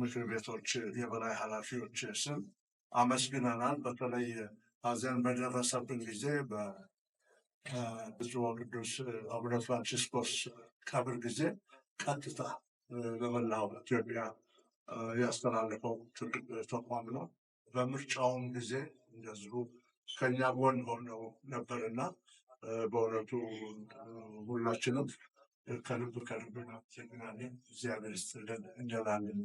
ምክር ቤቶች የበላይ ኃላፊዎች ስም አመስግነናል። በተለይ ሐዘን በደረሰብን ጊዜ በብፁዕ ወቅዱስ አቡነ ፍራንቺስኮስ ቀብር ጊዜ ቀጥታ ለመላው ኢትዮጵያ ያስተላለፈው ትልቅ ተቋም ነው። በምርጫውም ጊዜ እንደዚሁ ከኛ ጎን ሆነው ነበርና በእውነቱ ሁላችንም ከልብ ከልብ እናመሰግናለን። እግዚአብሔር ይስጥልን እንላለን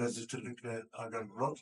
ለዚህ ትልቅ አገልግሎት